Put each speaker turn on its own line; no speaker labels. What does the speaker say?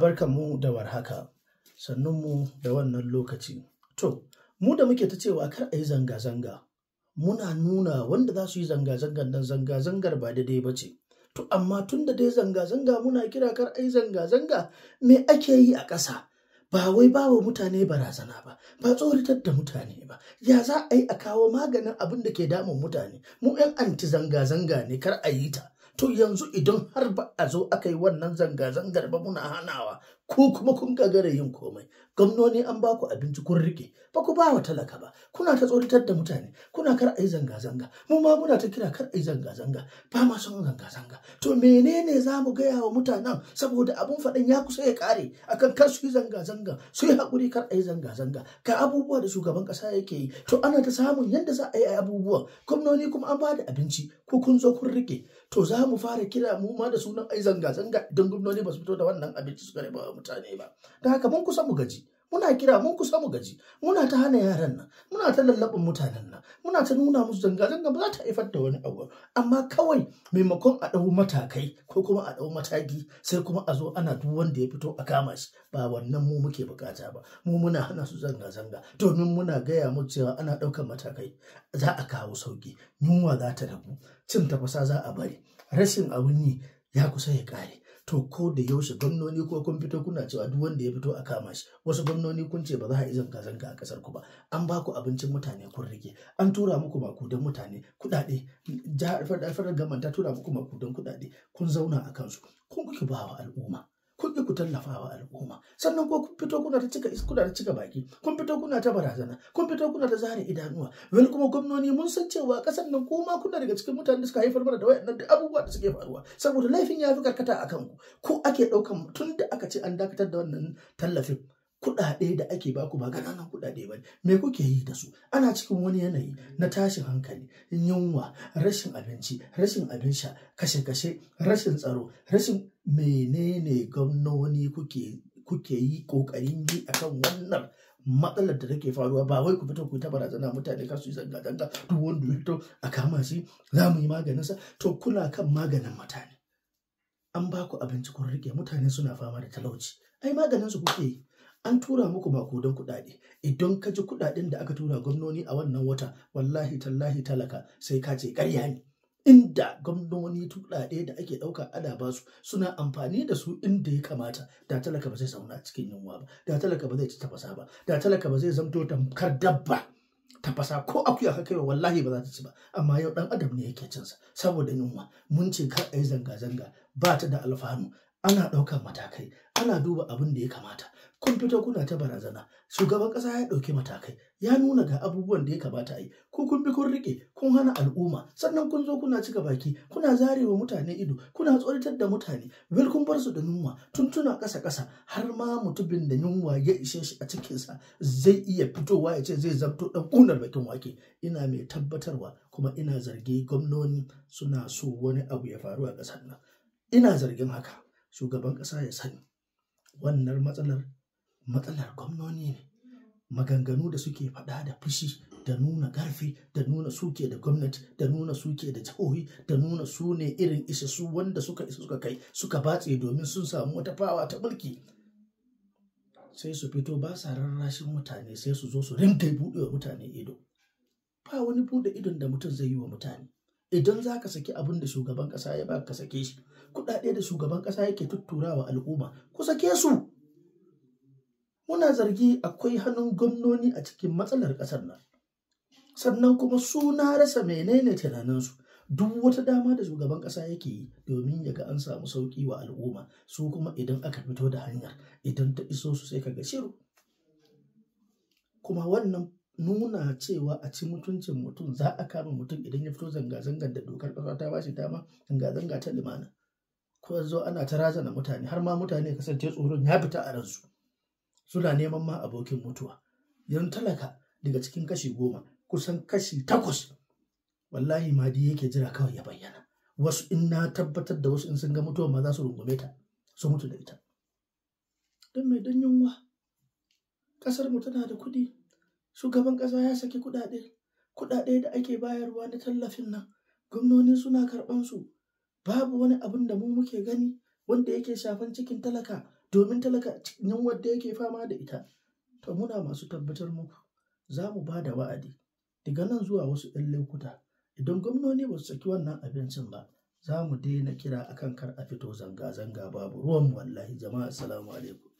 mu da warhaka, mu da wannan lokaci. To, mu da muke ta cewa kar a yi zanga-zanga, muna nuna wanda za su yi zanga zanga nan zanga-zangar ba daidai ba ce. To, amma tun da dai zanga-zanga muna kira kar a yi zanga-zanga me ake yi a ƙasa? Ba wai ba wa mutane barazana ba, ba tsoratar da mutane ba, ya za a yi a kawo maganin abin da ke damun mutane, mu 'yan anti zanga-zanga ne kar a yi ta. to yanzu idan har ba a zo aka yi wannan zanga-zangar ba muna hanawa ku kuma kun gagara yin komai gwamnoni an ba ku abinci kun rike ba ku ba wa talaka ba kuna ta tsoratar da mutane kuna kar ai zanga zanga mu ma muna ta kira kar ai zanga zanga ba ma son zanga zanga to menene za mu gaya wa mutanen saboda abun faɗin ya kusa ya kare akan kar su yi zanga zanga su yi hakuri kar ai zanga zanga ka abubuwa da shugaban kasa yake yi to ana ta samun yadda za a yi abubuwa gwamnoni kuma an ba da abinci ko kun zo kun rike to za mu fara kira mu ma da sunan ai zanga zanga Don gwamnoni ba su fito da wannan abinci suka ba mu mutane ba da haka mun kusa mu gaji muna kira mun kusa mu gaji muna ta hana yaran nan muna ta lallabin mutanen nan muna ta nuna musu zanga zanga ba za ta haifar da wani abu amma kawai maimakon a ɗau matakai ko kuma a ɗau mataki sai kuma a zo ana duk wanda ya fito a kama shi ba wannan mu muke bukata ba mu muna hana su zanga zanga domin muna gaya mu cewa ana ɗaukan matakai za a kawo sauki yunwa za ta rabu cin tafasa za a bari rashin abin yi ya kusa ya ƙare to ko da yaushe gwamnoni ko kun fito kuna cewa duk wanda ya fito a kama shi wasu gwamnoni kun ce ba za a izin zanka a kasar ku ba an ba ku abincin mutane kun rike an tura muku makudan mutane kuɗaɗe jihar fadar gaman ta tura muku makudan kuɗaɗe kun zauna a kansu kun kuke ba wa al'umma kun ku tallafawa al'umma sannan ko kun fito kuna ta cika kuna ta cika baki kun fito kuna ta barazana kun fito kuna ta zare idanuwa wani kuma gwamnoni mun san cewa kasan nan kuma kuna daga cikin mutanen da suka haifar mana da wayannan da abubuwa da suke faruwa saboda laifin ya fi karkata akan ku ko ake ɗaukan tun da aka ce an dakatar da wannan tallafin kuɗaɗe da ake baku ba ƙananan kuɗaɗe ba me kuke yi da su ana cikin wani yanayi na tashin hankali yunwa rashin abinci rashin abin sha kashe-kashe rashin tsaro rashin menene gwamnoni kuke kuke yi ƙoƙarin yi akan wannan matsalar da take faruwa ba wai ku fito ku ta barazana mutane kar su yi zanga-zanga duk wanda ya fito a kama shi za mu yi maganinsa to kuna kan maganin mutane an ba ku abinci kun rike mutane suna fama da talauci ai maganin su kuke yi an tura muku makudan kuɗaɗe idan ka ji kuɗaɗen da aka tura gwamnoni a wannan wata wallahi tallahi talaka sai ka ce ƙarya ne inda gwamnoni kuɗaɗe da ake ɗauka ada ba su suna amfani da su inda ya kamata da talaka ba zai zauna cikin yunwa ba da talaka ba zai ci tafasa ba da talaka ba zai zamto tamkar dabba tafasa ko akuya ka kai wallahi ba za ta ci ba amma yau ɗan adam ne yake cinsa saboda yunwa mun ce kar a yi zanga-zanga ba ta da alfanu ana ɗaukar matakai ana duba abin da ya kamata kun fito kuna ta barazana shugaban ƙasa ya ɗauki matakai ya nuna ga abubuwan da ya kamata a yi ko kun bi kun riƙe kun hana al'umma sannan kun zo kuna cika baki kuna zare wa mutane ido kuna tsoratar da mutane bil kun bar su da yunwa tuntuna ƙasa ƙasa har ma mutumin da yunwa ya ishe shi a cikinsa zai iya fitowa ya ce zai zamto ɗan ƙunar bakin wake ina mai tabbatarwa kuma ina zargi gwamnoni suna so wani abu ya faru a ƙasar nan ina zargin haka shugaban ƙasa ya sani wannan matsalar matsalar gwamnoni ne maganganu da suke faɗa da fushi da nuna ƙarfi da nuna suke da gwamnati da nuna suke da jihohi da nuna su ne irin isassu wanda suka isa suka kai suka batse domin sun samu wata fawa ta mulki sai su fito ba sa rarrashin mutane sai su zo su buɗe wa mutane ido ba wani buɗe idon da mutum zai yi wa mutane idan za ka saki abin da shugaban ƙasa ya ba ka sake shi kuɗaɗe da shugaban ƙasa yake wa al'umma ku sake su muna zargi akwai hannun gwamnoni a cikin matsalar ƙasar nan sannan kuma su na rasa menene tunaninsu duk wata dama da shugaban ƙasa yake yi domin ya ga an samu sauƙi wa al'umma su kuma idan aka fito da hanyar idan ta iso su sai ka ga shiru kuma wannan nuna cewa a ci mutuncin mutum za a kama mutum idan ya fito zanga-zangar da dokar ƙasa ta bashi dama zanga-zanga ta limana ko zo ana ta razana mutane har ma mutane kasance tsoron ya fita a ransu suna neman ma abokin mutuwa yan talaka daga cikin kashi goma kusan kashi takwas wallahi madi yake jira kawai ya bayyana wasu in na tabbatar da wasu in sun ga mutuwa ma za su rungume ta su mutu da ita don mai don yunwa ƙasar mu tana da kuɗi shugaban ƙasa ya saki kuɗaɗe kuɗaɗe da ake bayarwa na tallafin nan gwamnoni suna karɓan su babu wani abin da mu muke gani wanda yake shafan cikin talaka domin talaka yunwar da yake fama da ita to muna masu tabbatar muku za mu ba da wa'adi daga nan zuwa wasu 'yan lokuta idan gwamnoni ba su saki wannan abincin ba za mu daina kira akan kar a fito zanga-zanga babu ruwan wallahi jama'a salamu alaikum